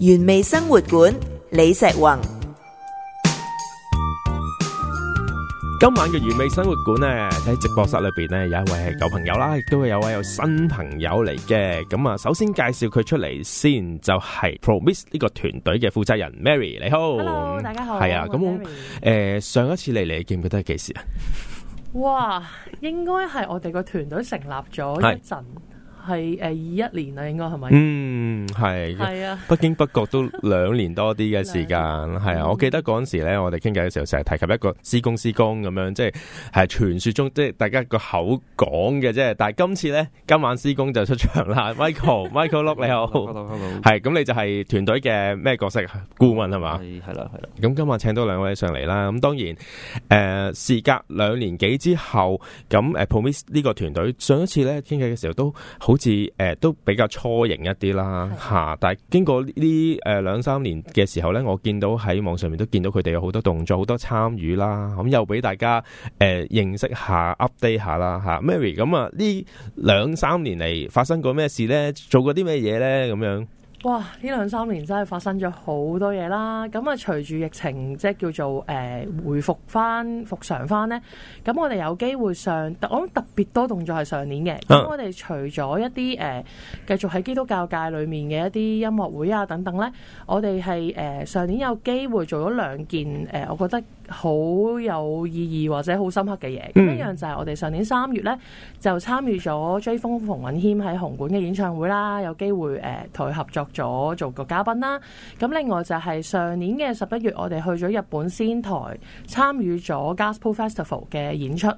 原味生活館李石宏，今晚嘅原味生活館咧喺直播室裏邊咧，有一位係舊朋友啦，亦都係有位有新朋友嚟嘅。咁啊，首先介紹佢出嚟先，就係 Promist 呢個團隊嘅負責人 Mary，你好。Hello，大家好。係啊，咁誒，上一次嚟你，記唔記得係幾時啊？哇，應該係我哋個團隊成立咗一陣。係誒二一年啦，應該係咪？嗯，係。係啊，北京北角都兩年多啲嘅時間，係啊 多。我記得嗰陣時咧， 我哋傾偈嘅時候，成日提及一個施工施工咁樣，即係係傳說中，即係大家個口講嘅，啫。但係今次咧，今晚施工就出場啦，Michael，Michael Look 你好，Hello，Hello，係咁， 你就係團隊嘅咩角色？顧問係嘛？係係啦係啦。咁 今晚請多兩位上嚟啦。咁當然，誒、呃，事隔兩年幾之後，咁誒 Promist 呢個團隊上一次咧傾偈嘅時候都好。好似誒、呃、都比較初型一啲啦嚇，是的 但係經過呢誒、呃、兩三年嘅時候咧，我見到喺網上面都見到佢哋有好多動作，好多參與啦，咁又俾大家誒、呃、認識下、update 下啦嚇、啊。Mary 咁、嗯、啊，呢兩三年嚟發生過咩事咧？做過啲咩嘢咧？咁樣。哇！呢兩三年真係發生咗好多嘢啦，咁啊隨住疫情即係叫做誒、呃、回復翻復常翻呢。咁我哋有機會上，我諗特別多動作係上年嘅。咁、啊、我哋除咗一啲誒、呃，繼續喺基督教界裏面嘅一啲音樂會啊等等呢，我哋係誒上年有機會做咗兩件誒、呃，我覺得。好有意義或者好深刻嘅嘢，一樣就係我哋上年三月呢，就參與咗追風馮允謙喺紅館嘅演唱會啦，有機會誒同佢合作咗做個嘉賓啦。咁另外就係上年嘅十一月，我哋去咗日本仙台參與咗 Gospel Festival 嘅演出。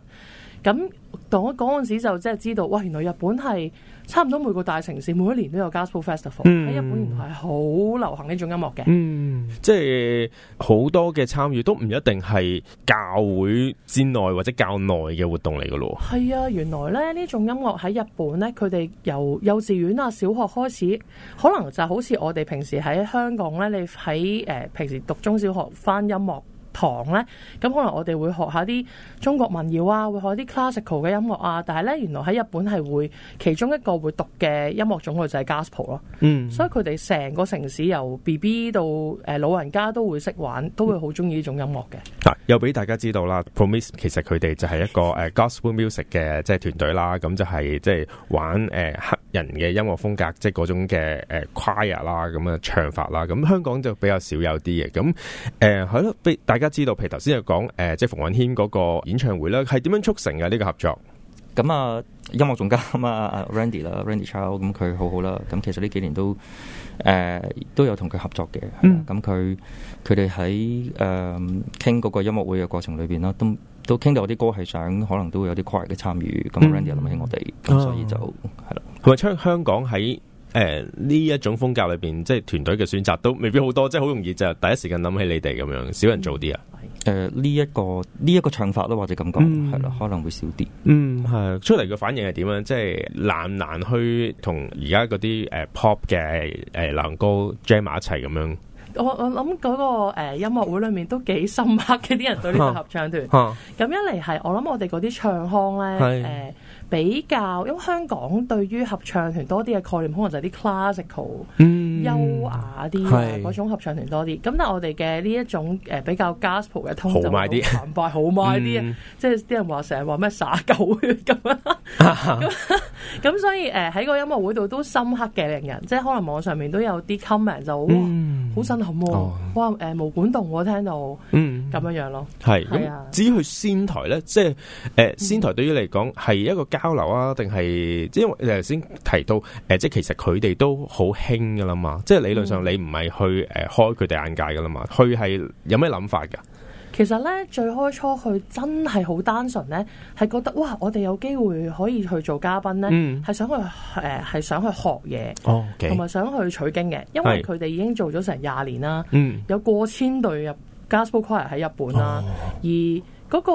咁我嗰陣時就即係知道，哇！原來日本係差唔多每個大城市每一年都有 gospel festival，喺、嗯、日本原來係好流行呢種音樂嘅。嗯，即係好多嘅參與都唔一定係教會之內或者教內嘅活動嚟嘅咯。係啊，原來咧呢種音樂喺日本咧，佢哋由幼稚園啊、小學開始，可能就好似我哋平時喺香港咧，你喺誒、呃、平時讀中小學翻音樂堂咧，咁可能我哋會學下啲中國民謠啊，會學啲 classical 嘅音樂啊。但係咧，原來喺日本係會其中一個會讀嘅音樂種類就係 gospel 咯。嗯，所以佢哋成個城市由 BB 到誒老人家都會識玩，都會好中意呢種音樂嘅。係又俾大家知道啦，Promist 其實佢哋就係一個誒、uh, gospel music 嘅即係團隊啦。咁就係即係玩誒、uh, 黑人嘅音樂風格，即係嗰種嘅誒 choir 啦，咁、uh, 啊唱法啦。咁香港就比較少有啲嘢。咁誒係咯，俾、呃嗯呃呃、大。而家知道，譬如頭先又講誒，即係馮允謙嗰個演唱會啦，係點樣促成嘅呢、這個合作？咁啊，音樂總監啊，Randy 啦，Randy Chow 咁佢好好啦。咁其實呢幾年都誒、呃、都有同佢合作嘅。咁佢佢哋喺誒傾嗰個音樂會嘅過程裏邊啦，都都傾到有啲歌係想可能都會有啲 choir 嘅參與。咁 Randy 諗起我哋，咁、啊、所以就係啦。咁啊，香港喺。誒、呢、欸、一種風格裏邊，即係團隊嘅選擇都未必好多，即係好容易就第一時間諗起你哋咁樣，少人做啲啊？誒，呢一個呢一個唱法都或者感覺係咯，可能會少啲。嗯，係出嚟嘅反應係點樣？即係難難去同而家嗰啲誒 pop 嘅誒男歌 jam 埋、嗯、一齊咁樣。我我諗嗰、那個誒、呃、音樂會裏面都幾深刻嘅，啲人對呢個合唱團。咁、啊啊、一嚟係我諗我哋嗰啲唱腔咧，誒。比較，因為香港對於合唱團多啲嘅概念，可能就係啲 classical。嗯優雅啲啊，嗰種合唱團多啲。咁但係我哋嘅呢一種，誒比較 Gospel 嘅通就慢快好慢啲，即係啲人話成日話咩灑狗血咁樣。咁、啊、所以誒喺個音樂會度都深刻嘅令人，即係可能網上面都有啲 comment 就好好震撼。哇！誒、啊，毛、嗯啊、管戙我、啊、聽到，咁樣、嗯、樣咯。係咁是，啊、至於去仙台咧，即係誒仙台對於你嚟講係一個交流啊，定係即因為你頭先提到誒，即係其實佢哋都好興噶啦嘛。即係理論上你唔係去誒、呃、開佢哋眼界噶啦嘛，佢係有咩諗法噶？其實咧最開初佢真係好單純咧，係覺得哇，我哋有機會可以去做嘉賓咧，係、嗯、想去誒係、呃、想去學嘢，同埋、哦 okay. 想去取經嘅，因為佢哋已經做咗成廿年啦，是有過千隊入 Gospel Choir 喺日本啦，哦、而。嗰、那個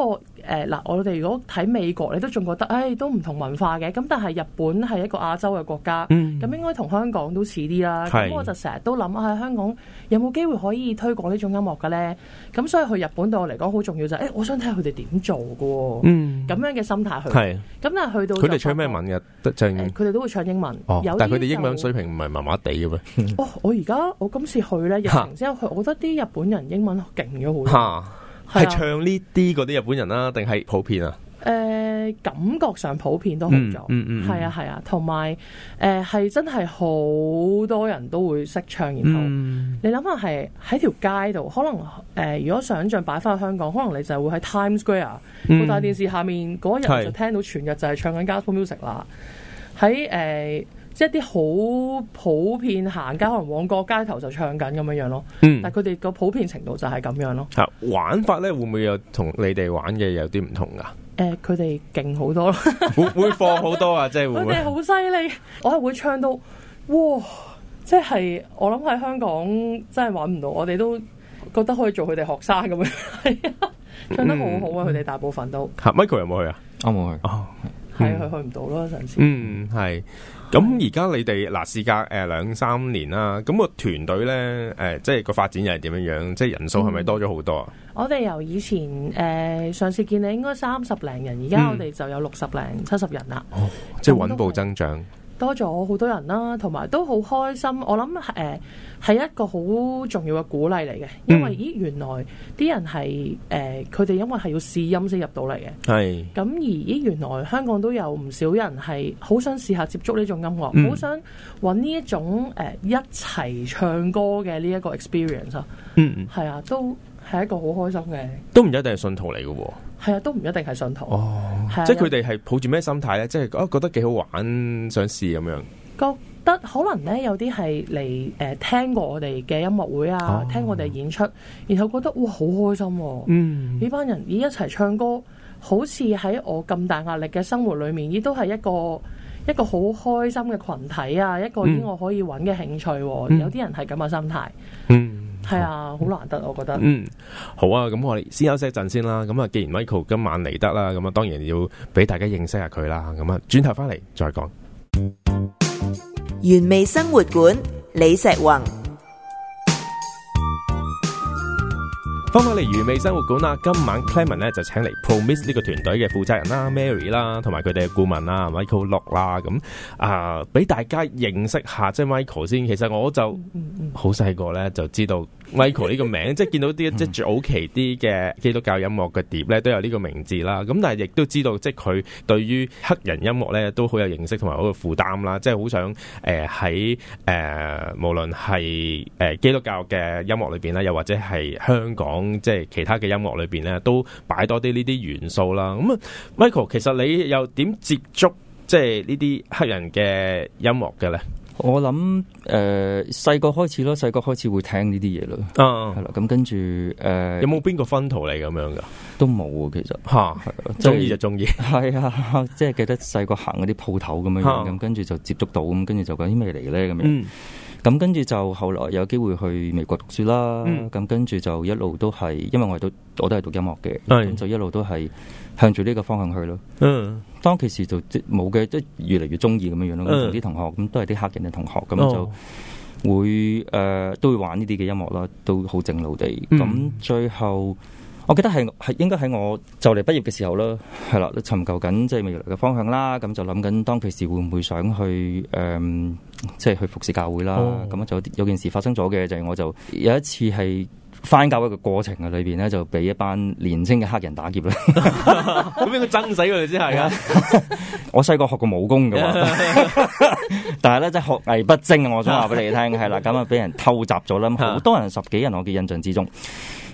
嗱、呃，我哋如果睇美國，你都仲覺得，誒、哎、都唔同文化嘅。咁但係日本係一個亞洲嘅國家，咁、嗯、應該同香港都似啲啦。咁是我就成日都諗啊，香港有冇機會可以推廣呢種音樂嘅咧？咁所以去日本對我嚟講好重要就係、是，誒、哎、我想睇下佢哋點做㗎喎、哦。嗯，咁樣嘅心態去。係是。咁但係去到佢哋唱咩文嘅？佢、就、哋、是哎、都會唱英文。哦、但佢哋英文水平唔係麻麻地嘅咩？我而家我今次去咧，疫情之後去，我覺得啲日本人英文勁咗好多。哈 係唱呢啲嗰啲日本人啦、啊，定係普遍啊？誒、呃，感覺上普遍都好咗、嗯，嗯嗯，係啊係啊，同埋誒係真係好多人都會識唱，然後、嗯、你諗下係喺條街度，可能誒、呃、如果想象擺翻喺香港，可能你就會喺 Times Square，好大、嗯、電視下面嗰人就聽到全日就係唱緊 Gospel Music 啦，喺、呃、誒。即係啲好普遍，行街，可能旺角街頭就唱緊咁樣樣咯。嗯，但係佢哋個普遍程度就係咁樣咯。啊、嗯，玩法咧會唔會又同你哋玩嘅有啲唔同噶？誒，佢哋勁好多咯，會會、呃、會，會放好多啊！ 即係會會。佢哋好犀利，我係會唱到哇！即係我諗喺香港真係玩唔到，我哋都覺得可以做佢哋學生咁樣， 唱得好好啊！佢哋、嗯、大部分都。嗯、Michael 有冇去啊？我冇去哦，係啊佢 去唔到咯，上次。嗯，係。咁而家你哋嗱，事隔誒，兩三年啦，咁、嗯那個團隊咧誒，即係個發展又係點樣樣？即係人數係咪多咗好多啊？我哋由以前誒、呃、上次見你應該三十零人，而家我哋就有六十零七十人啦，嗯哦，即係穩步增長。多咗好多人啦，同埋都好開心。我諗誒，係一個好重要嘅鼓勵嚟嘅，因為咦，原來啲人係誒，佢哋因為係要試音先入到嚟嘅，係。咁而咦，原來香港都有唔少人係好想試下接觸呢種音樂，好、嗯、想揾呢一種誒一齊唱歌嘅呢一個 experience 啊。嗯，嗯，係啊，都係一個好開心嘅，都唔一定係信徒嚟嘅哦。係啊，都唔一定係信徒，哦啊、即係佢哋係抱住咩心態咧？即係啊，覺得幾好玩，想試咁樣。覺得可能咧，有啲係嚟誒聽過我哋嘅音樂會啊，哦、聽我哋演出，然後覺得哇好開心，啊。嗯，呢班人咦一齊唱歌，好似喺我咁大壓力嘅生活裏面，亦都係一個一個好開心嘅群體啊！嗯、一個啲我可以揾嘅興趣，啊，有啲人係咁嘅心態。嗯。係啊，好難得，我覺得。嗯，好啊，咁我哋先休息一陣先啦。咁啊，既然 Michael 今晚嚟得啦，咁啊，當然要俾大家認識下佢啦。咁啊，轉頭翻嚟再講。原味生活館，李石宏。講返嚟餘味生活館啦，今晚 Clemens 咧，就請嚟 Promise 呢個團隊嘅負責人啦，Mary 啦，同埋佢哋嘅顧問啦，Michael 六啦，咁、呃、啊，俾大家認識下即係 Michael 先。其實我就好細個咧，就知道 Michael 呢個名， 即係見到啲即係早期啲嘅基督教音樂嘅碟，咧，都有呢個名字啦。咁但係亦都知道即係佢對於黑人音樂咧，都好有認識同埋好負擔啦，即係好想誒喺誒無論係誒、呃、基督教嘅音樂裏邊啦，又或者係香港。即係其他嘅音樂裏邊咧，都擺多啲呢啲元素啦。咁 Michael，其實你又點接觸即係呢啲黑人嘅音樂嘅咧？我諗誒，細、呃、個開始咯，細個開始會聽呢啲嘢咯。係啦、啊。咁跟住誒，呃、有冇邊個分圖嚟咁樣噶？都冇啊，其實吓，中意、啊、了就中意、就是。係 啊，即係記得細個行嗰啲鋪頭咁樣樣，咁、啊、跟住就接觸到，咁跟住就講啲咩嚟咧咁樣。嗯嗯咁、嗯、跟住就後來有機會去美國讀書啦。咁、嗯、跟住就一路都係，因為我係都我都係讀音樂嘅，咁的就一路都係向住呢個方向去咯。嗯，當其時就冇嘅，即越嚟越中意咁樣樣咯。咁啲、嗯、同學，咁都係啲黑人嘅同學，咁、哦、就會誒、呃、都會玩呢啲嘅音樂啦，都好正路地。咁、嗯嗯、最後。我記得係係應該喺我就嚟畢業嘅時候啦，係啦，尋求緊即係未來嘅方向啦，咁就諗緊當其時會唔會想去誒、嗯，即係去服侍教會啦。咁、嗯、就有件事發生咗嘅就係，我就有一次係翻教會嘅過程嘅裏邊咧，就俾一班年輕嘅黑人打劫啦。咁應該憎死佢哋先係啊！我細個學過武功嘅， 但係咧真係學藝不精啊！ 我想話俾你聽，係啦，咁啊俾人偷襲咗啦，好多人十幾人，我嘅印象之中。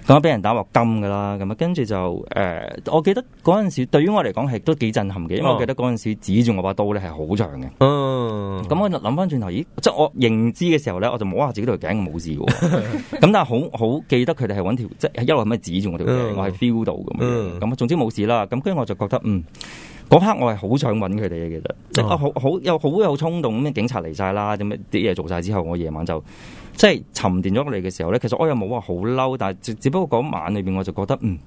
咁啊，俾人打鑊金噶啦，咁啊，跟住就誒、呃，我記得嗰陣時，對於我嚟講係都幾震撼嘅，因為我記得嗰陣時指住我把刀咧係好長嘅。咁、uh. 我就諗翻轉頭，咦，即係我認知嘅時候咧，我就摸下自己條頸冇事喎。咁 但係好好記得佢哋係揾條，即係一路指住我條頸，uh. 我係 feel 到咁樣。咁啊，總之冇事啦。咁跟住我就覺得，嗯，嗰刻我係、uh. 好想揾佢哋嘅，其實即係好好有好有衝動。咁警察嚟晒啦，咁啲嘢做晒之後，我夜晚就。即係沉澱咗落嚟嘅時候咧，其實我又冇話好嬲，但係只，只不過嗰晚裏邊我就覺得，嗯，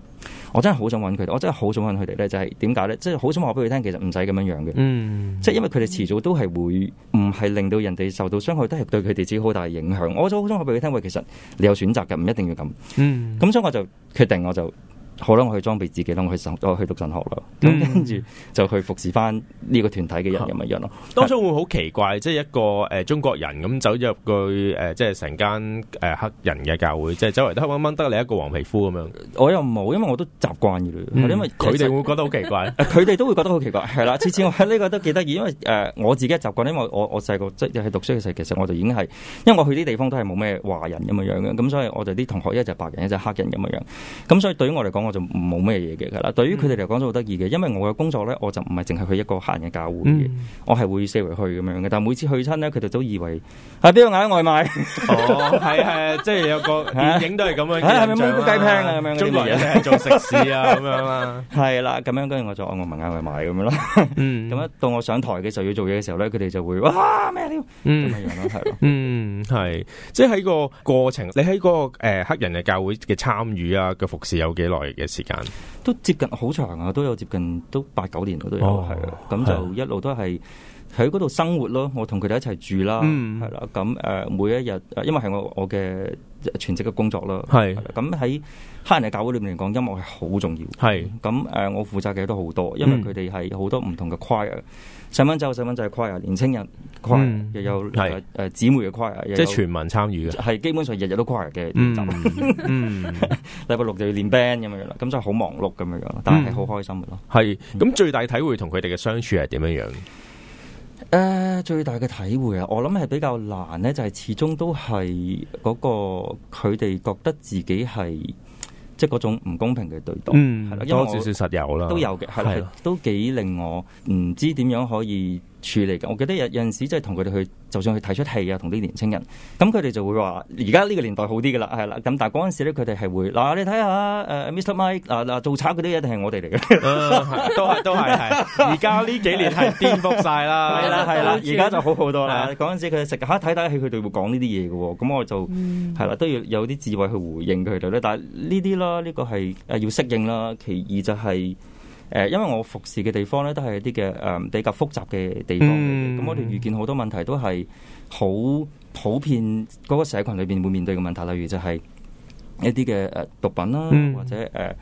我真係好想揾佢哋，我真係好想揾佢哋咧，就係點解咧？即係好想話俾佢聽，其實唔使咁樣樣嘅，嗯，即係因為佢哋遲早都係會唔係令到人哋受到傷害，都係對佢哋自己好大影響。我就好想話俾佢聽，喂，其實你有選擇嘅，唔一定要咁，嗯，咁所以我就決定我就。好啦，我去裝備自己啦，我去我去讀上學啦，咁跟住就去服侍翻呢個團體嘅人咁、嗯、樣樣咯。當初會好奇怪，即係是一個誒、呃、中國人咁走入去誒，即係成間誒、呃呃、黑人嘅教會，即係周圍都黑掹掹得你一個黃皮膚咁樣。我又冇，因為我都習慣嘅，嗯、因為佢哋會覺得好奇怪，佢哋、 啊、都會覺得好奇怪。係啦，次次我喺呢 個都幾得意，因為誒、呃、我自己習慣因為我我我細個即係讀書嘅時候，其實我就已經係，因為我去啲地方都係冇咩華人咁樣樣嘅，咁所以我哋啲同學一就白人，一就黑人咁樣樣。咁所以對於我嚟講，我就冇咩嘢嘅啦。對於佢哋嚟講都好得意嘅，因為我嘅工作咧，我就唔係淨係去一個黑人教會嘅，我係會四圍去咁樣嘅。但每次去親咧，佢哋都以為係邊個嗌外賣？哦，係係，即係有個電影都係咁樣嘅。係咪蘑菇雞拼啊？咁樣啲嘢做食肆啊？咁樣啊嘛，係啦，咁樣跟住我就嗌我問嗌外賣咁樣咯。咁樣到我上台嘅時候要做嘢嘅時候咧，佢哋就會哇咩料咁樣咯，係咯，嗯，係，即係喺個過程，你喺個誒黑人嘅教會嘅參與啊，嘅服侍有幾耐？嘅時間都接近好長啊，都有接近都八九年嗰都有啊，咁、哦、就一路都係。喺嗰度生活咯，我同佢哋一齊住啦，係啦，咁、誒，每一日，因為係我我嘅全職嘅工作咯，係咁喺黑人嘅教會裏面嚟講，音樂係好重要，係咁、誒，我負責嘅都好多，因為佢哋係好多唔同嘅 choir，細蚊仔、細蚊仔 choir，年青人 choir，又有姊妹嘅 choir，即係全民參與嘅，係基本上日日都 choir 嘅，嗯，禮拜六就要練 band 咁樣啦，咁就好忙碌咁樣咯，但係好開心嘅咯，係咁最大體會同佢哋嘅相處係點樣樣？誒最大嘅體會啊，我諗係比較難咧，就係、係、始終都係嗰、嗰個佢哋覺得自己係即係嗰種唔公平嘅對待，係啦、嗯，因為多少少實有啦的，都有嘅，係都幾令我唔知點樣可以。處理嘅，我記得有有陣時即係同佢哋去，就算去睇出戲啊，同啲年青人，咁佢哋就會話：而家呢個年代好啲嘅啦，係啦。咁但係嗰陣時咧，佢哋係會嗱、啊、你睇下誒，Mr Mike 啊啊，做賊嗰啲嘢一定係我哋嚟嘅，都係都係係。而家呢幾年係顛覆晒啦，係啦係啦，而家就好好多啦。嗰陣 時佢哋食嚇睇睇戲，佢哋會講呢啲嘢嘅喎，咁我就係啦、嗯，都要有啲智慧去回應佢哋咧。但係呢啲啦，呢、這個係誒要適應啦，其二就係、是。誒，因為我服侍嘅地方咧，都係一啲嘅誒比較複雜嘅地方，咁、嗯、我哋遇見好多問題都係好普遍嗰個社群裏邊會面對嘅問題，例如就係一啲嘅誒毒品啦，嗯、或者誒。呃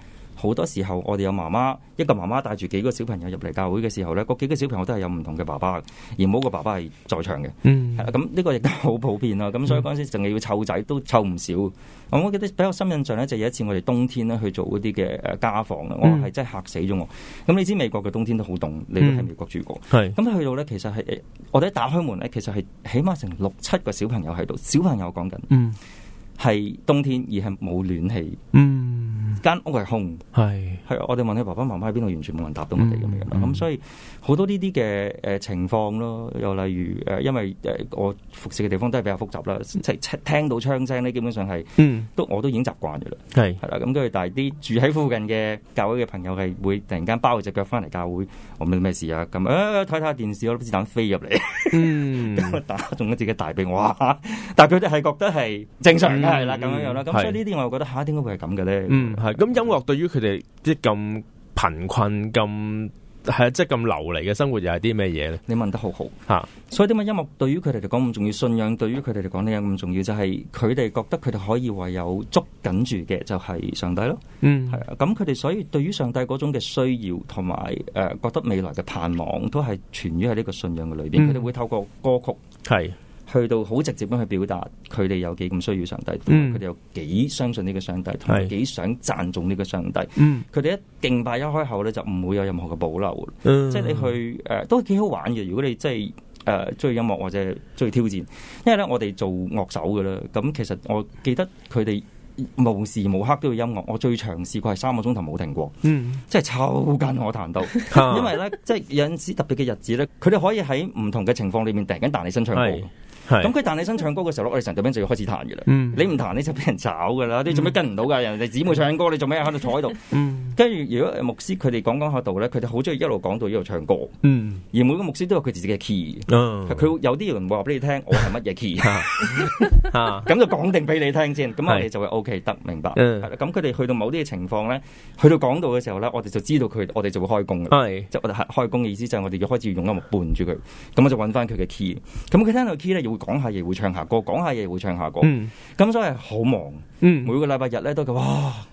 好多時候，我哋有媽媽，一個媽媽帶住幾個小朋友入嚟教會嘅時候咧，嗰幾個小朋友都係有唔同嘅爸爸而冇個爸爸係在場嘅、嗯啊這個啊。嗯，咁呢個亦都好普遍咯。咁所以嗰陣時，淨係要湊仔都湊唔少。我記得比較深印象咧，就有一次我哋冬天咧去做嗰啲嘅誒家訪，嗯、我係真係嚇死咗我。咁你知美國嘅冬天都好凍，嗯、你都喺美國住過。咁是去到咧，其實係我哋一打開門咧，其實係起碼成六七個小朋友喺度。小朋友講緊。嗯。係冬天，而係冇暖氣，嗯，間屋係空，係是，係我哋問佢爸爸媽媽喺邊度，完全冇人答到我哋咁樣。咁、嗯嗯、所以好多呢啲嘅誒情況咯，又例如誒、呃，因為誒、呃、我服侍嘅地方都係比較複雜啦，即係聽到槍聲咧，基本上係，嗯、都我都已經習慣咗啦，係是，係啦。咁跟住，但係啲住喺附近嘅教會嘅朋友係會突然間包隻腳翻嚟教會，我冇咩事啊，咁啊睇睇下電視咯，粒子彈飛入嚟，嗯， 打中咗自己大髀，哇！但係佢哋係覺得係正常。係啦，咁樣樣啦，咁所以呢啲，我又覺得吓，點解會係咁嘅咧？嗯，係。咁音樂對於佢哋啲咁貧困咁係啊，即係咁流離嘅生活，又係啲咩嘢咧？你問得好好吓。所以點解音樂對於佢哋嚟講咁重要？信仰對於佢哋嚟講咧咁重要，就係佢哋覺得佢哋可以話有捉緊住嘅，就係上帝咯。嗯，係啊。咁佢哋所以對於上帝嗰種嘅需要，同埋誒覺得未來嘅盼望，都係存於喺呢個信仰嘅裏邊。佢哋會透過歌曲係。去到好直接咁去表達，佢哋有幾咁需要上帝，佢哋、嗯、有幾相信呢個上帝，同埋幾想讚頌呢個上帝。佢哋、嗯、一敬拜一開口咧，就唔會有任何嘅保留。嗯、即係你去誒、呃、都幾好玩嘅。如果你真係誒鍾意音樂或者鍾意挑戰，因為咧我哋做樂手噶啦。咁其實我記得佢哋無時無刻都要音樂。我最長試過係三個鐘頭冇停過。嗯、即真係抽緊我彈到。啊、因為咧，即係有陣時特別嘅日子咧，佢哋可以喺唔同嘅情況裏面突然間彈起身唱歌。嗯 咁佢彈起身唱歌嘅時候，我哋成日道邊就要開始彈嘅啦。你唔彈你就俾人炒噶啦。你做咩跟唔到噶？人哋姊妹唱歌，你做咩喺度坐喺度？跟住如果牧師佢哋講講下道咧，佢哋好中意一路講到一路唱歌。而每個牧師都有佢自己嘅 key，佢有啲人唔會話俾你聽我係乜嘢 key，咁就講定俾你聽先。咁我哋就會 OK 得明白。咁佢哋去到某啲嘅情況咧，去到講道嘅時候咧，我哋就知道佢，我哋就會開工。即我哋開工嘅意思，就係我哋要開始用音樂伴住佢。咁我就揾翻佢嘅 key。咁佢聽到 key 會講下嘢，會唱下歌，講下嘢，會唱下歌，咁、嗯嗯、所以好忙。嗯、每個禮拜日咧都，哇，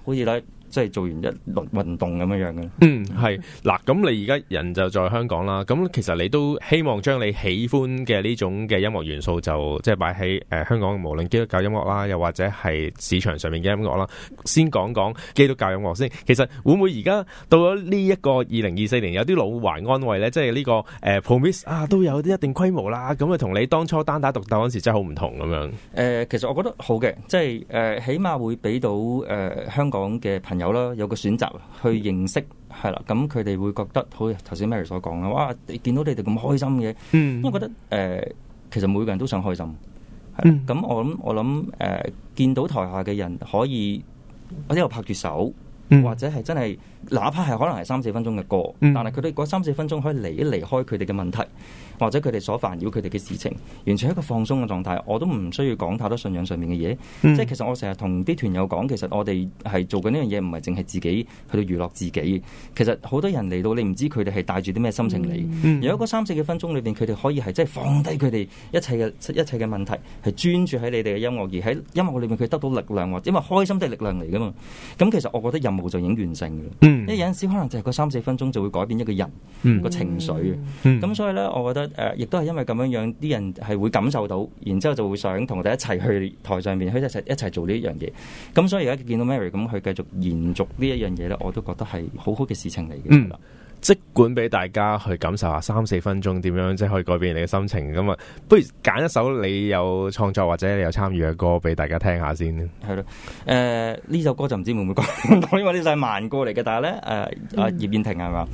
好似咧。即係做完一輪運動咁樣樣嘅。嗯，係嗱，咁你而家人就在香港啦。咁其實你都希望將你喜歡嘅呢種嘅音樂元素就，就即係擺喺誒香港，無論基督教音樂啦，又或者係市場上面嘅音樂啦。先講講基督教音樂先。其實會唔會而家到咗呢一個二零二四年，有啲老懷安慰咧？即係呢、這個誒、呃、Promist 啊，都有啲一定規模啦。咁啊，同你當初單打獨鬥嗰時真係好唔同咁樣。誒、呃，其實我覺得好嘅，即係誒、呃、起碼會俾到誒、呃、香港嘅朋。有啦，有個選擇去認識，係啦。咁佢哋會覺得，好似頭先 Mary 所講啦，哇！你見到你哋咁開心嘅，嗯，因為覺得誒、呃，其實每個人都想開心，嗯。咁我諗我諗誒、呃，見到台下嘅人可以，我一路拍住手，嗯、或者係真係，哪怕係可能係三四分鐘嘅歌，嗯、但係佢哋嗰三四分鐘可以離一離開佢哋嘅問題。或者佢哋所煩擾佢哋嘅事情，完全係一個放鬆嘅狀態，我都唔需要講太多信仰上面嘅嘢。即係其實我成日同啲團友講，其實我哋係做緊呢樣嘢，唔係淨係自己去到娛樂自己。其實好多人嚟到，你唔知佢哋係帶住啲咩心情嚟。有嗰三、四幾分鐘裏邊，佢哋可以係真係放低佢哋一切嘅一切嘅問題，係專注喺你哋嘅音樂，而喺音樂裏面佢得到力量，或因為開心都係力量嚟噶嘛。咁其實我覺得任務就已經完成噶啦。因為有陣時可能就係嗰三、四分鐘就會改變一個人個情緒嘅。咁所以咧，我覺得。誒、呃，亦都係因為咁樣樣，啲人係會感受到，然之後就會想同我哋一齊去台上面，去一齊一齊做呢樣嘢。咁所以而家見到 Mary 咁去繼續延續呢一樣嘢咧，我都覺得係好好嘅事情嚟嘅。即管俾大家去感受下三四分鐘點樣，即係可以改變你嘅心情。咁啊，不如揀一首你有創作或者你有參與嘅歌俾大家聽下先。係咯，誒、呃，呢首歌就唔知會唔會講到，因為呢首係慢歌嚟嘅。但係咧，誒、呃，阿、啊嗯、葉燕婷係嘛？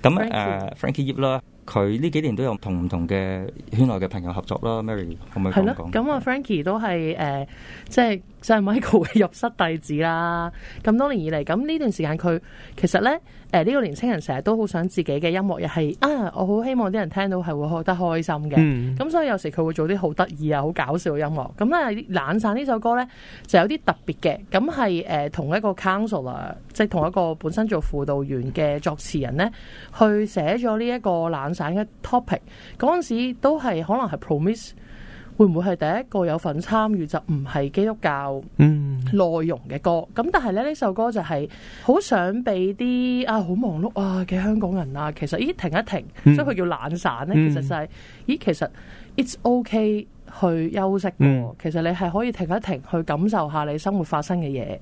咁誒，Frankie Yip, 啦。佢呢幾年都有同唔同嘅圈內嘅朋友合作啦，Mary 可唔可以講講？係咯，咁啊，Frankie 都係誒，即係即係 Michael 嘅入室弟子啦。咁多年以嚟，咁呢段時間佢其實咧誒呢、呃呢個年輕人成日都好想自己嘅音樂又係啊，我好希望啲人聽到係會覺得開心嘅。咁、嗯、所以有時佢會做啲好得意啊、好搞笑嘅音樂。咁咧，冷散呢首歌咧就有啲特別嘅，咁係誒同一個 counselor，即係同一個本身做輔導員嘅作詞人咧，去寫咗呢一個冷散嘅 topic 嗰陣時都係可能係 promise，會唔會係第一個有份參與就唔係基督教嗯內容嘅歌？咁、嗯、但係咧呢首歌就係好想俾啲啊好忙碌啊嘅香港人啊，其實咦停一停，所以佢叫懶散咧、嗯就係，其實就係咦其實 it's okay 去休息，嗯、其實你係可以停一停去感受下你生活發生嘅嘢，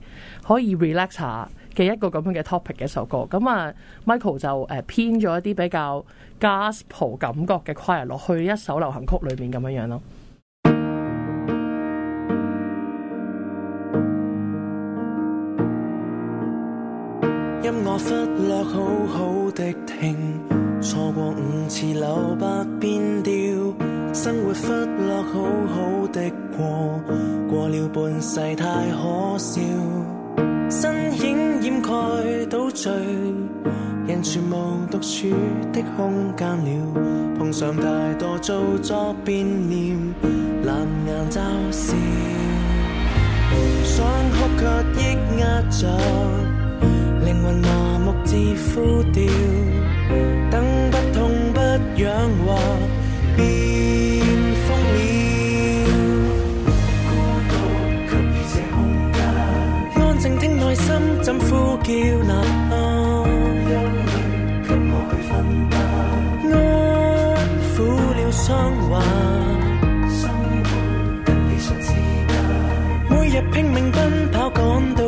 可以 relax 下。嘅一個咁樣嘅 topic 嘅一首歌，咁啊 Michael 就誒編咗一啲比較 Gospel 感覺嘅 choir 落去一首流行曲裏面咁樣樣咯。音樂忽略好好的聽，錯過五次留白變調，生活忽略好好的過，過了半世太可笑。身影掩蓋倒醉，人全無獨處的空間了。碰上太多做作變臉，冷眼嘲笑。想哭卻抑壓着，靈魂麻木至枯掉。等不痛不癢話別。內心怎呼叫吶喊，啊，憂給我去分擔，安撫了傷患，生活跟理想之間，每日拼命奔跑趕到。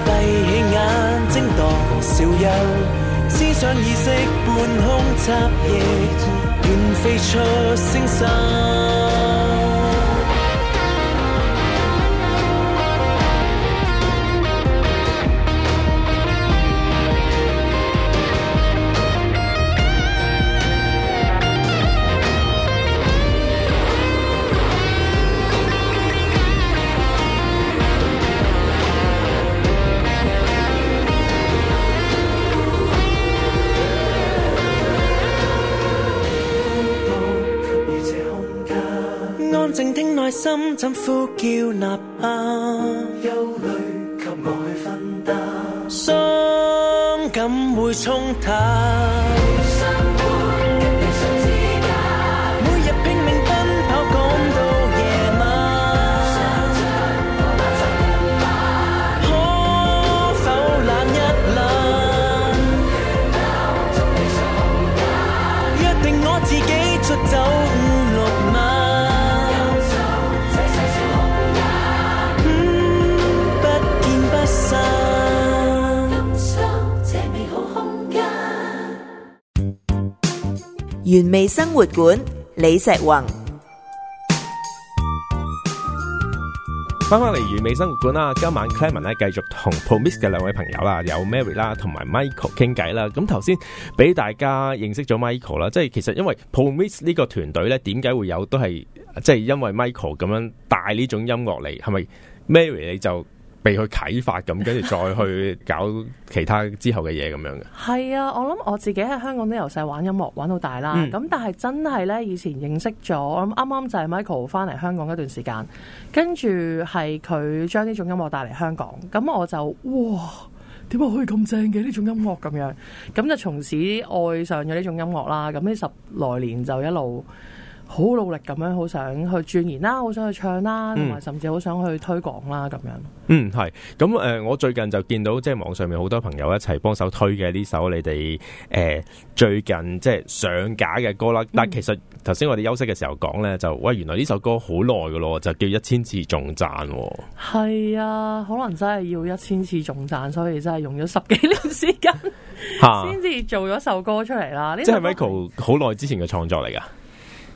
閉起眼睛當小休，思想意識半空插翼，願飛出星辰。心怎呼叫吶喊？憂慮給我去分擔，傷感會沖淡。 原味生活館李石宏，翻返嚟，原味生活館啦，今晚 Clement 咧，繼續同 Promist 嘅兩位朋友啦，有 Mary 啦同埋 Michael 傾偈啦。咁頭先俾大家認識咗 Michael 啦，即係其實因為 Promist 呢個團隊咧，點解會有都係即係因為 Michael 咁樣帶呢種音樂嚟，係咪 Mary 你就？被佢啟發咁，跟住再去搞其他之後嘅嘢咁樣嘅。係啊，我諗我自己喺香港都由細玩音樂玩到大啦。咁、嗯、但係真係咧，以前認識咗，啱啱就係 Michael 翻嚟香港一段時間，跟住係佢將呢種音樂帶嚟香港。咁我就哇，點解可以咁正嘅呢種音樂咁樣？咁就從此愛上咗呢種音樂啦。咁呢十來年就一路，好努力咁樣，好想去鑽研啦，好想去唱啦，同埋甚至好想去推廣啦，咁樣。嗯，係咁誒，我最近就見到即係網上面好多朋友一齊幫手推嘅呢首你哋誒、呃、最近即係上架嘅歌啦。但其實頭先我哋休息嘅時候講咧，就喂，原來呢首歌好耐噶咯，就叫一千次重讚。係啊，可能真係要一千次重讚，所以真係用咗十幾年時間先至做咗首歌出嚟啦。啊、首即係是 Michael 好耐之前嘅創作嚟噶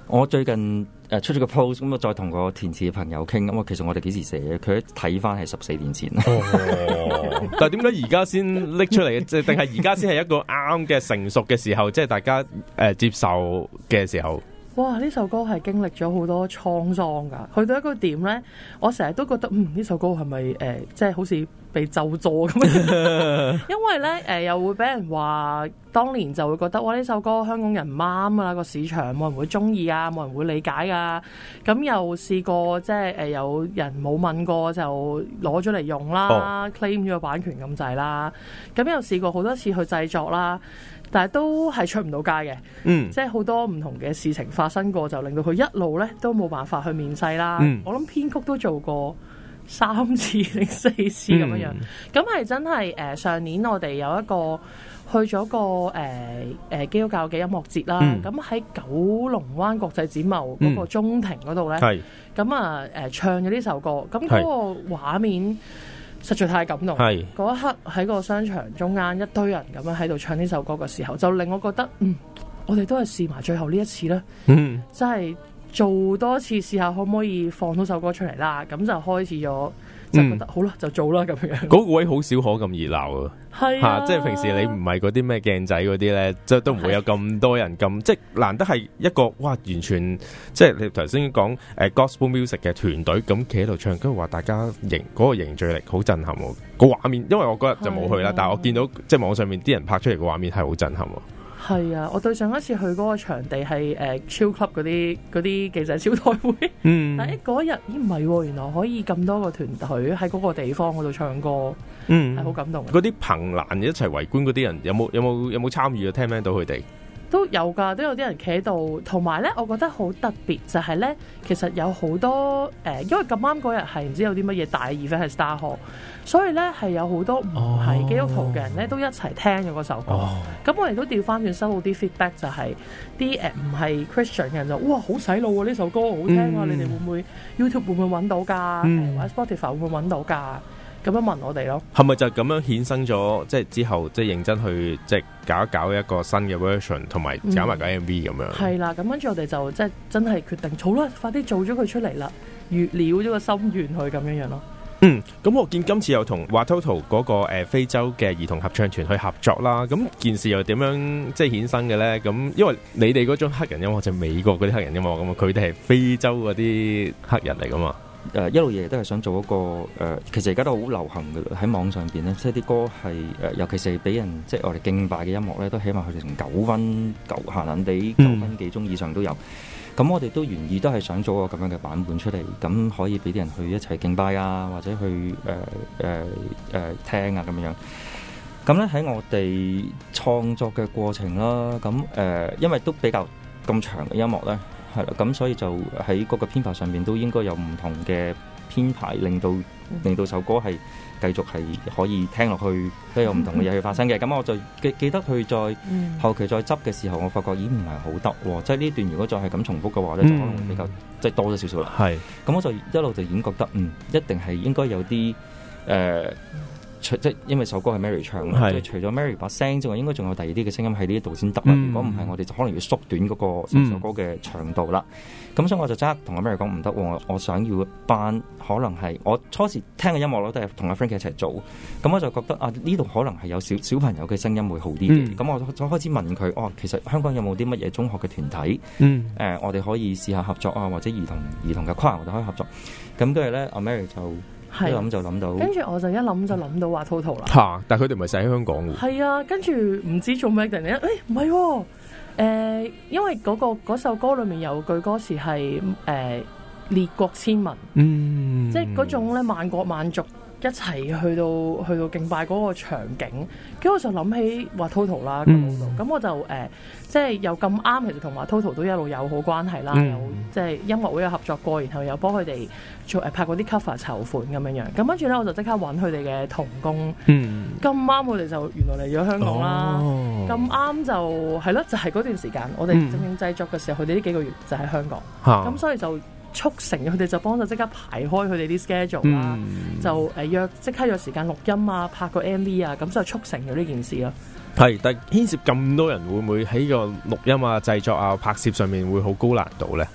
我最近誒出咗個 post，咁我再同個填詞嘅朋友傾，咁，啊其實我哋幾時寫嘅？佢睇翻係十四年前 但，但係點解而家先拎出嚟？即定係而家先係一個啱嘅成熟嘅時候，即係大家誒、呃、接受嘅時候。哇！呢首歌係經歷咗好多滄桑噶，去到一個點呢，我成日都覺得嗯呢首歌係咪誒即係好似被咒詛咁樣？ 因為呢，誒、呃、又會俾人話，當年就會覺得哇呢首歌香港人唔啱噶啦，個市場冇人會中意啊，冇人會理解噶，啊。咁又試過即係有人冇問過就攞咗嚟用啦、哦、claim 咗版權咁滯啦。咁又試過好多次去製作啦。但係都係出唔到街嘅，mm. 即係好多唔同嘅事情發生過，就令到佢一路咧都冇辦法去面世啦。Mm. 我諗編曲都做過三次定四次咁樣樣，咁係、mm. 嗯、真係誒、呃、上年我哋有一個去咗個誒誒基督教嘅音樂節啦，咁喺、mm. 九龍灣國際展貿嗰個中庭嗰度咧，咁啊誒唱咗呢首歌，咁嗰個畫面、mm. 嗯。實在太感動，嗰是一刻喺個商場中間一堆人咁樣喺度唱呢首歌嘅時候，就令我覺得，嗯，我哋都係試埋最後呢一次啦，嗯， 真係做多次試下可唔可以放到首歌出嚟啦，咁就開始咗。即得好啦，就做啦咁樣。個位好少可咁熱鬧啊！係啊，即係平時你唔係嗰啲咩鏡仔嗰啲咧，即係都唔會有咁多人咁，是啊、即係難得係一個哇！完全即係你頭先講誒，Gospel Music 嘅團隊咁企喺度唱，跟住話大家凝嗰個凝聚力好震撼喎。個畫面，因為我嗰日就冇去啦，是啊、但係我見到即係網上面啲人拍出嚟嘅畫面係好震撼。係啊，我對上一次去嗰個場地係誒 Chill Club 嗰啲嗰啲記者招待會，嗯、但係嗰日咦唔係、啊，原來可以咁多個團隊喺嗰個地方嗰度唱歌，係好、嗯、感動。嗰啲憑欄一齊圍觀嗰啲人，有冇有冇有冇參與啊？有有聽唔聽到佢哋？都有噶，都有啲人企喺度。同埋咧，我覺得好特別就係、是、咧，其實有好多誒、呃，因為咁啱嗰日係唔知有啲乜嘢大 event 係 Star 所以咧係有好多唔係基督徒嘅人咧、哦、都一齊聽咗嗰首歌。咁我哋都調翻轉收到啲 feedback，就係啲誒唔係 Christian 嘅人就哇好洗腦喎、啊！呢首歌好聽啊，嗯、你哋會唔會 YouTube 會唔會揾到㗎？嗯、或者 Spotify 會唔會揾到㗎？咁樣問我哋咯，係咪就咁樣衍生咗？即係之後，即係認真去，即係搞一搞一個新嘅 version，同埋搞埋個 MV 咁樣。係啦、嗯，咁跟住我哋就即係真係決定，好啦，快啲做咗佢出嚟啦，圓了咗個心願去咁樣樣咯。嗯，咁我見今次又同 Watoto 嗰個誒非洲嘅兒童合唱團去合作啦。咁件事又點樣即係衍生嘅咧？咁因為你哋嗰種黑人音樂就係、美國嗰啲黑人音樂咁啊，佢哋係非洲嗰啲黑人嚟噶嘛？嗯誒、呃、一路嘢都係想做一個誒、呃，其實而家都好流行嘅喺網上邊咧，即係啲歌係誒、呃，尤其是俾人即係我哋敬拜嘅音樂咧，都起碼佢哋成九分九閒閒地九分幾鐘以上都有。咁、嗯、我哋都原意都係想做個咁樣嘅版本出嚟，咁可以俾啲人去一齊敬拜啊，或者去誒誒誒聽啊咁樣。咁咧喺我哋創作嘅過程啦，咁、呃、誒因為都比較咁長嘅音樂咧。係啦，咁所以就喺嗰個編排上面，都應該有唔同嘅編排，令到、嗯、令到首歌係繼續係可以聽落去，都、嗯、有唔同嘅嘢去發生嘅。咁我就記記得佢再、嗯、後期再執嘅時候，我發覺已經唔係好得喎，即係呢段如果再係咁重複嘅話咧，嗯、就可能比較即係、就是、多咗少少啦。係是，咁我就一路就已經覺得，嗯，一定係應該有啲誒。呃即係因為首歌係 Mary 唱啦，即係是除咗 Mary 把聲之外，應該仲有第二啲嘅聲音喺呢度先得啦。嗯、如果唔係，我哋就可能要縮短嗰個首，首歌嘅長度啦。咁、嗯、所以我就即刻同阿 Mary 講唔得喎，我想要一班可能係我初時聽嘅音樂咧都係同阿 Frank 一齊做，咁我就覺得啊呢度可能係有小小朋友嘅聲音會好啲。咁、嗯、我就開始問佢，哦、啊、其實香港有冇啲乜嘢中學嘅團體，誒、嗯呃、我哋可以試下合作啊，或者兒童兒童嘅跨，我哋可以合作。咁跟住咧，阿、啊、Mary 就。係，一諗就諗到。跟住我就一諗就諗到話 t o t 啦。吓 啊，但係佢哋唔係成日喺香港嘅。係啊，跟住唔知做咩突然間，誒唔係，誒、哦呃、因為嗰、那個首歌裏面有句歌詞係誒列國千民，嗯，即係嗰種咧萬國萬族，一齊去到去到敬拜嗰個場景，咁我就諗起話 total 啦咁、嗯、我就誒、呃，即係又咁啱，其實同話 total 都一路有好關係啦，嗯、有即係音樂會有合作過，然後又幫佢哋做誒拍過啲 cover 籌款咁樣樣。咁跟住咧，我就即刻揾佢哋嘅同工，咁啱我哋就原來嚟咗香港啦，咁啱、哦、就係咯，就係、是、嗰段時間，我哋正正製作嘅時候，佢哋呢幾個月就喺香港，咁、嗯、所以就。促成佢哋就幫手即刻排開佢哋啲 schedule 啊，就誒約即刻約時間錄音啊，拍個 MV 啊，咁就促成咗呢件事咯。係，但係牽涉咁多人會唔會喺個錄音啊、製作啊、拍攝上面會好高難度咧？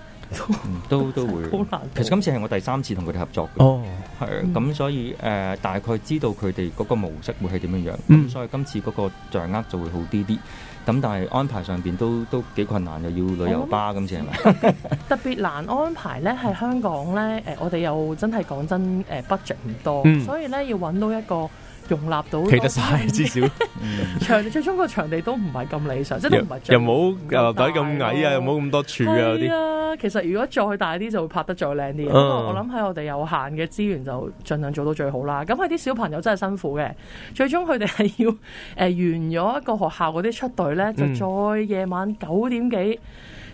都都都會好難。其實今次係我第三次同佢哋合作嘅。哦，係咁，所以誒大概知道佢哋嗰個模式會係點樣樣，咁所以今次嗰個掌握就會好啲啲。咁但係安排上面都都幾困難，又要旅遊巴咁似，係咪？特別難安排咧，係香港咧，誒、呃，我哋又真係講真，誒、呃、，budget 唔多，嗯、所以咧要揾到一個。容納到，企得晒至少，場最終個場地都唔係咁理想，也即係都唔係，又冇樓底咁矮啊，又冇咁多柱啊，有啲、啊。些其實如果再大啲，就會拍得再靚啲。啊、我諗喺我哋有限嘅資源，就盡量做到最好啦。咁佢啲小朋友真係辛苦嘅，最終佢哋係要誒完咗一個學校嗰啲出隊咧，嗯、就再夜晚九點幾。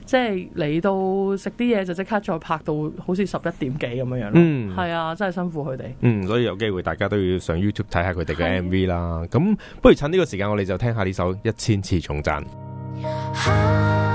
即係嚟到食啲嘢就即刻再拍到好似十一點幾咁樣樣咯，係、嗯、啊，真係辛苦佢哋。嗯，所以有機會大家都要上 YouTube 睇下佢哋嘅 MV 啦。咁的不如趁呢個時間，我哋就聽下呢首《一千次重讚》。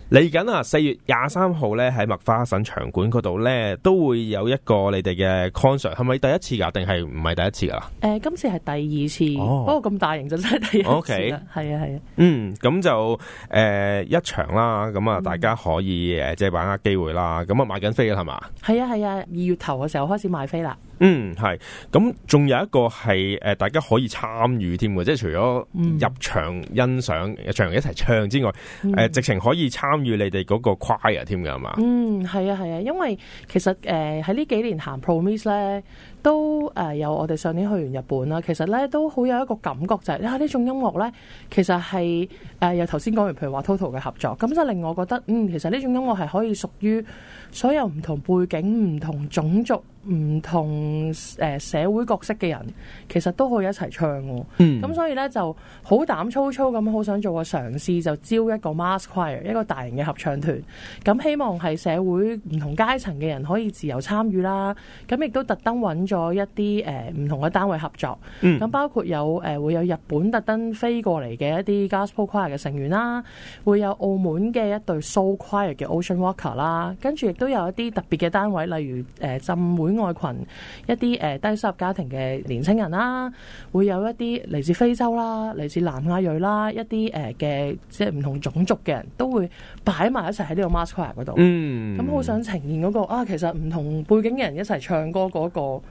嚟緊啊！四月廿三號咧，喺麥花臣場館嗰度咧，都會有一個你哋嘅 concert，係咪第一次噶？定係唔係第一次噶啦？誒、呃，今次係第二次，哦、不過咁大型就真、是、係第一次啦 OK，係啊係啊。嗯，咁就誒、呃、一場啦，咁啊大家可以誒即係把握機會啦。咁啊、嗯嗯、買緊飛噶係嘛？係啊係啊，二月頭嘅時候開始買飛啦、嗯。嗯，係。咁仲有一個係誒大家可以參與添嘅，即係除咗入場欣賞、嗯、入場一齊唱之外，誒、嗯呃、直情可以參。於你哋嗰個 choir，添㗎係嘛？嗯，係啊，係啊，因為其實誒喺呢幾年行 promise 咧。都誒有我哋上年去完日本啦，其實咧都好有一個感覺就係係下呢種音樂咧，其實係誒由頭先講完，譬如話 Total 嘅合作，咁就令我覺得嗯，其實呢種音樂係可以屬於所有唔同背景、唔同種族、唔同誒、呃、社會角色嘅人，其實都可以一齊唱喎。嗯，咁所以咧就好膽粗粗咁好想做個嘗試，就招一個 mass choir，一個大型嘅合唱團，咁希望係社會唔同階層嘅人可以自由參與啦。咁亦都特登揾咗一啲誒唔同嘅單位合作，咁、嗯、包括有誒、呃、會有日本特登飛過嚟嘅一啲 Gospel Choir 嘅成員啦，會有澳門嘅一隊 Soul Choir 嘅 Ocean Walker 啦，跟住亦都有一啲特別嘅單位，例如誒、呃、浸會愛群一啲誒、呃、低收入家庭嘅年輕人啦，會有一啲嚟自非洲啦、嚟自南亞裔啦一啲誒嘅即係唔同種族嘅人都會擺埋一齊喺呢個 Mass Choir 嗰度，咁好、嗯嗯、想呈現嗰、那個啊，其實唔同背景嘅人一齊唱歌嗰、那個。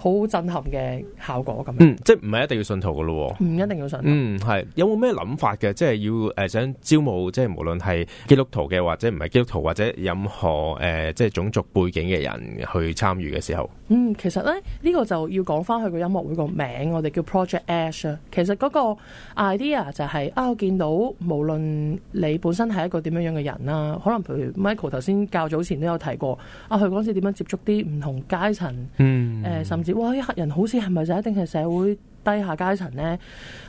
好震撼嘅效果咁樣，嗯，即係唔係一定要信徒噶咯？唔一定要信徒。嗯，係有冇咩諗法嘅？即係要誒、呃、想招募，即係無論係基督徒嘅或者唔係基督徒或者任何誒、呃、即係種族背景嘅人去參與嘅時候。嗯，其實咧呢、這個就要講翻佢個音樂會個名，我哋叫 Project Ash 啊。其實個 idea 就係、是、啊，我見到無論你本身係一個點樣樣嘅人啦，可能譬如 Michael 頭先較早前都有提過啊，佢嗰陣時點樣接觸啲唔同階層，嗯，誒甚至。哇！啲黑人好似係咪就一定係社會低下階層呢？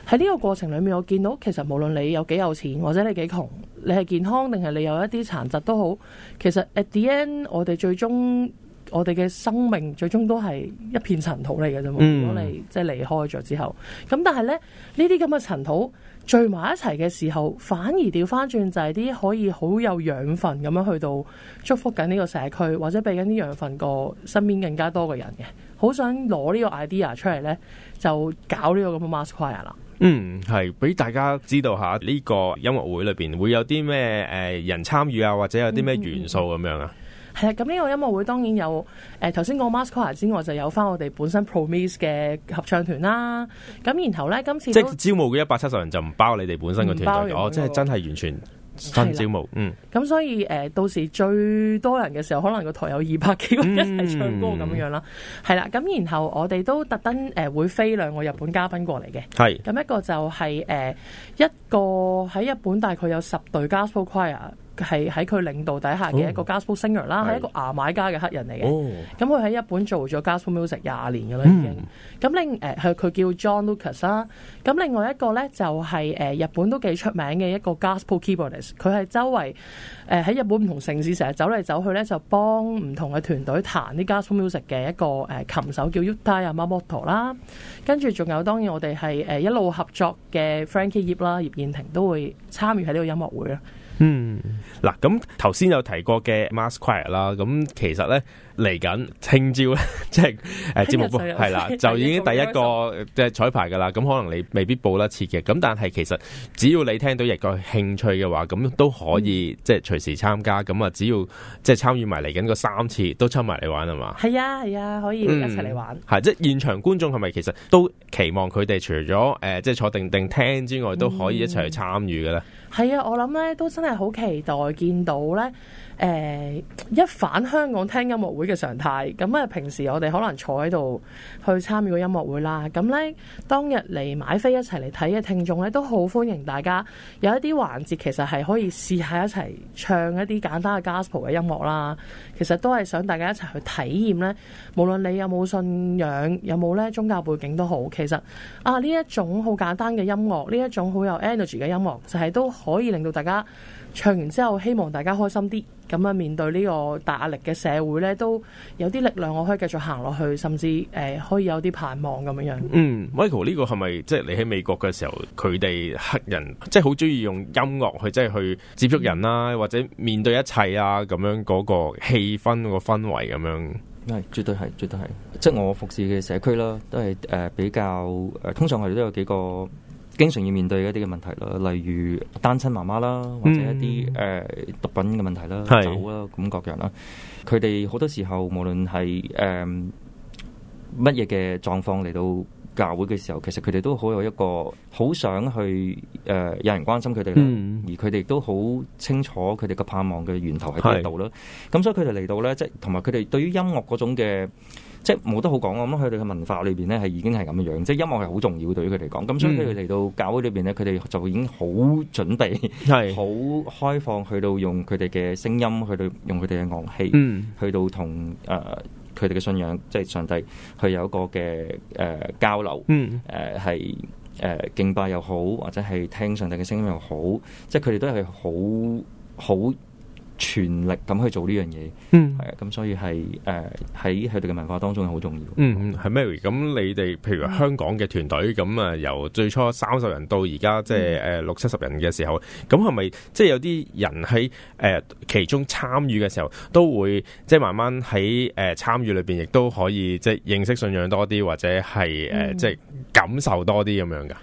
喺呢個過程裏面，我見到其實無論你有幾有錢，或者你幾窮，你係健康定係你有一啲殘疾都好，其實 at the end 我哋最終我哋嘅生命最終都係一片塵土嚟嘅啫，如果你即係離開咗之後。咁、mm. 但係呢，呢啲咁嘅塵土。聚埋一齊嘅時候，反而掉翻轉就係啲可以好有養分咁樣去到祝福緊呢個社區，或者俾緊啲養分過身邊更加多嘅人嘅。好想攞呢個 idea 出嚟呢，就搞呢個咁嘅 mass choir 啦。嗯，係俾大家知道下呢個音樂會裏邊會有啲咩誒人參與啊，或者有啲咩元素咁樣啊。嗯嗯係啦，咁呢個音樂會當然有誒，頭先個 masker 之外就有翻我哋本身 promise 嘅合唱團啦。咁然後咧今次即係招募嘅一百七十人就唔包你哋本身團本、那個團隊，哦，即係真係完全新招募。的嗯。咁所以誒、呃，到時最多人嘅時候，可能個台有二百幾個人一齊唱歌咁樣樣啦。係啦、嗯，咁然後我哋都特登誒、呃、會飛兩個日本嘉賓過嚟嘅。係的。咁一個就係、是、誒、呃、一個喺日本大概有十隊 gospel choir。係喺佢領導底下嘅一個 gospel singer 啦、嗯，係一個牙買加嘅黑人嚟嘅。咁佢喺日本做咗 gospel music 廿年嘅啦，已經。咁另誒佢叫 John Lucas 啦。咁另外一個咧就係誒日本都幾出名嘅一個 gospel keyboardist。佢係周圍誒喺日本唔同城市成日走嚟走去咧，就幫唔同嘅團隊彈啲 gospel music 嘅一個誒琴手叫 Yuta Yamamoto 啦。跟住仲有當然我哋係誒一路合作嘅 Frankie 葉啦、葉燕婷都會參與喺呢個音樂會啊。嗯，嗱，咁頭先有提過嘅 Mass Choir 啦，咁其實咧。嚟緊聽朝咧，即係誒節目係啦，就已經第一個即係彩排噶啦。咁可能你未必報得切嘅，咁但係其實只要你聽到一個興趣嘅話，咁都可以、嗯、即係隨時參加。咁啊，只要即係參與埋嚟緊個三次，都抽埋嚟玩係嘛。係啊係啊，可以一齊嚟玩。係即係現場觀眾係咪其實都期望佢哋除咗誒、呃、即係坐定定聽之外，都可以一齊去參與嘅咧？係啊、嗯，我諗咧都真係好期待見到咧。誒、呃、一反香港聽音樂會嘅常態，咁啊平時我哋可能坐喺度去參與個音樂會啦。咁呢，當日嚟買飛一齊嚟睇嘅聽眾呢，都好歡迎大家。有一啲環節其實係可以試下一齊唱一啲簡單嘅 Gospel 嘅音樂啦。其實都係想大家一齊去體驗呢，無論你有冇信仰，有冇呢宗教背景都好，其實啊呢一種好簡單嘅音樂，呢一種好有 energy 嘅音樂，就係、是、都可以令到大家。唱完之後，希望大家開心啲，咁樣面對呢個大壓力嘅社會呢都有啲力量，我可以繼續行落去，甚至誒、呃、可以有啲盼望咁樣。嗯，Michael 呢個係咪即係你喺美國嘅時候，佢哋黑人即係好鍾意用音樂去即係、即係、去接觸人啦、啊，或者面對一切啊咁樣嗰個氣氛個氛圍咁樣？係，絕對係，絕對係。即、即、係、係、我服侍嘅社區啦，都係誒、呃、比較誒、呃，通常我哋都有幾個。經常要面對一啲嘅問題啦，例如單親媽媽啦，或者一啲誒、嗯呃、毒品嘅問題啦、酒啦咁是各樣啦。佢哋好多時候，無論係誒乜嘢嘅狀況嚟到教會嘅時候，其實佢哋都好有一個好想去誒、呃、有人關心佢哋啦，嗯、而佢哋都好清楚佢哋嘅盼望嘅源頭喺邊度啦。咁是所以佢哋嚟到咧，即係同埋佢哋對於音樂嗰種嘅。即係冇得好講。咁佢哋嘅文化裏邊咧係已經係咁樣樣，即係音樂係好重要，對於佢哋講。咁所以佢哋嚟到教會裏邊咧，佢哋就已經好準備、好開放，去到用佢哋嘅聲音，去到用佢哋嘅樂器，去到同誒佢哋嘅信仰，即係上帝去有一個嘅誒交流。誒係誒敬拜又好，或者係聽上帝嘅聲音又好，即係佢哋都係好好。全力咁去做呢樣嘢。嗯，係啊、嗯，咁所以係誒喺佢哋嘅文化當中係好重要，嗯嗯，係 Mary，咁你哋譬如香港嘅團隊，咁啊由最初三十人到而家即係誒六七十人嘅時候，咁係咪即係有啲人喺誒、呃、其中參與嘅時候，都會即係慢慢喺誒參與裏邊，亦都可以即係認識信仰多啲，或者係誒、呃、即係感受多啲咁樣噶？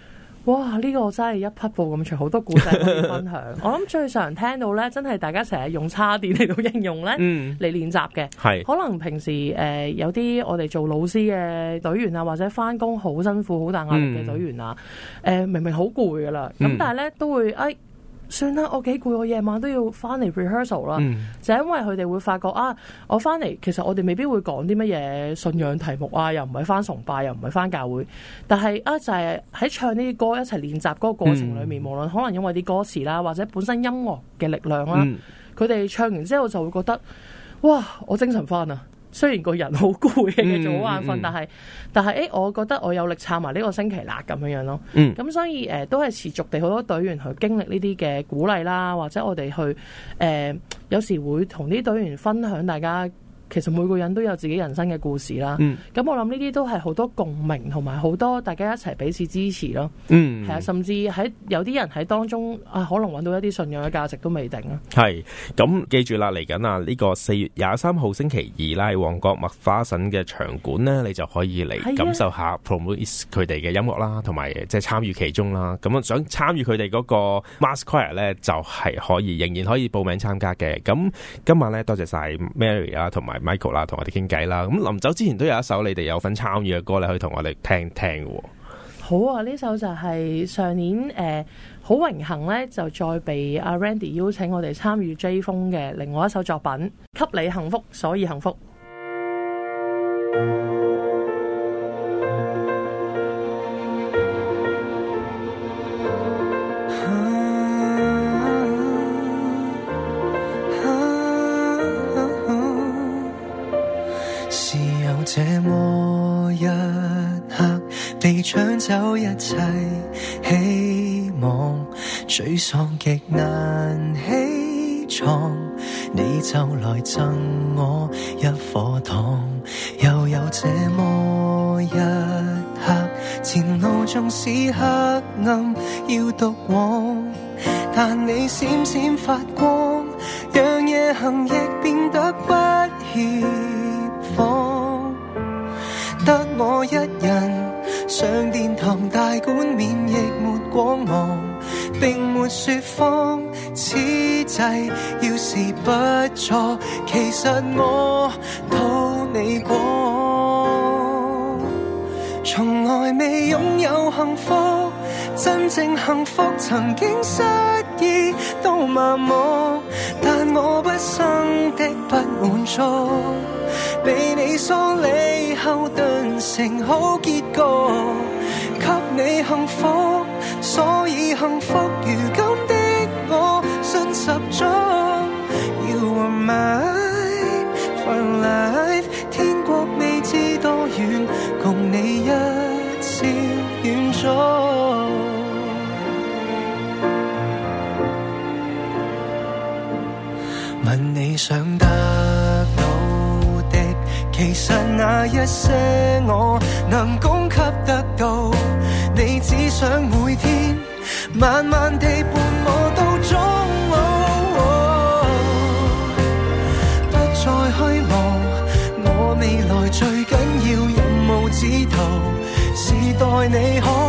哇！呢、這個真係一匹布咁長，好多故事可以分享。 我諗最常聽到咧，真係大家成日用叉電嚟到應用咧，嚟練習嘅。係是可能平時誒、呃、有啲我哋做老師嘅隊員啊，或者返工好辛苦、好大壓力嘅隊員啊，誒、嗯呃、明明好攰噶啦，咁、嗯、但係咧都會誒。哎算啦，我幾攰，我夜晚都要翻嚟 rehearsal 啦。嗯、就係因為佢哋會發覺啊，我翻嚟其實我哋未必會講啲乜嘢信仰題目啊，又唔係翻崇拜，又唔係翻教會。但係啊，就係、是、喺唱呢啲歌一齊練習嗰個過程裏面，嗯、無論可能因為啲歌詞啦，或者本身音樂嘅力量啦，佢哋、嗯、唱完之後就會覺得，哇，我精神翻啊！雖然個人好攰，仲好眼瞓，但係但係，誒、欸，我覺得我有力撐埋呢個星期啦，咁樣樣咯。咁、嗯、所以誒、呃，都係持續地好多隊員去經歷呢啲嘅鼓勵啦，或者我哋去誒、呃，有時會同啲隊員分享大家。其實每個人都有自己人生嘅故事啦，咁、嗯、我諗呢啲都係好多共鳴，同埋好多大家一齊彼此支持咯。嗯，係啊，甚至喺有啲人喺當中啊，可能揾到一啲信仰嘅價值都未定啊。係，咁記住啦，嚟緊啊呢個四月廿三號星期二啦，喺旺角麥花臣嘅場館呢，你就可以嚟感受下 Promist 佢哋嘅音樂啦，同埋即係參與其中啦。咁啊，想參與佢哋嗰個 mass choir 咧，就係、是、可以仍然可以報名參加嘅。咁今晚咧，多謝晒 Mary 啊，同埋，Michael 啦，同我哋傾偈啦。咁臨走之前都有一首你哋有份參與嘅歌，你可以同我哋聽聽嘅。好啊，呢首就係上年誒，好、呃、榮幸咧，就再被阿、啊、Randy 邀請我哋參與 J 風嘅另外一首作品《給你幸福，所以幸福》。壯極難起床，你就來贈我一顆糖。又有這麼一刻，前路縱使黑暗，要獨往，但你閃閃發光，讓夜行亦變得不怯慌。得我一人上殿堂大免，大館面亦沒光芒。說謊此際要是不錯，其實我討你過，從來未擁有幸福，真正幸福曾經失意都麻木，但我不生的不滿足，被你梳理後頓成好結果，給你幸福，所以幸福如今。那一些我能供給得到，你只想每天慢慢地伴我到終老，哦哦，不再虛無。我未來最緊要任務指頭，是待你可。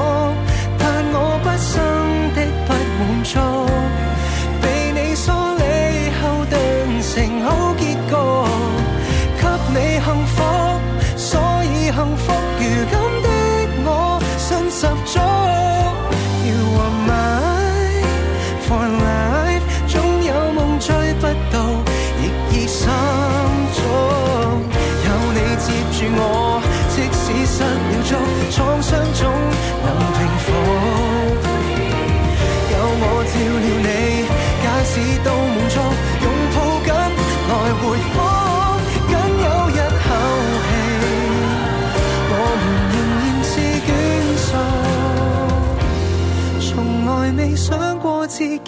自己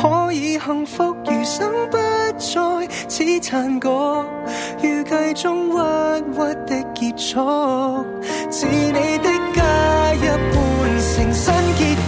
可以幸福，餘生不再似殘局，預計中鬱鬱的結束，自你的加入，半成新結局。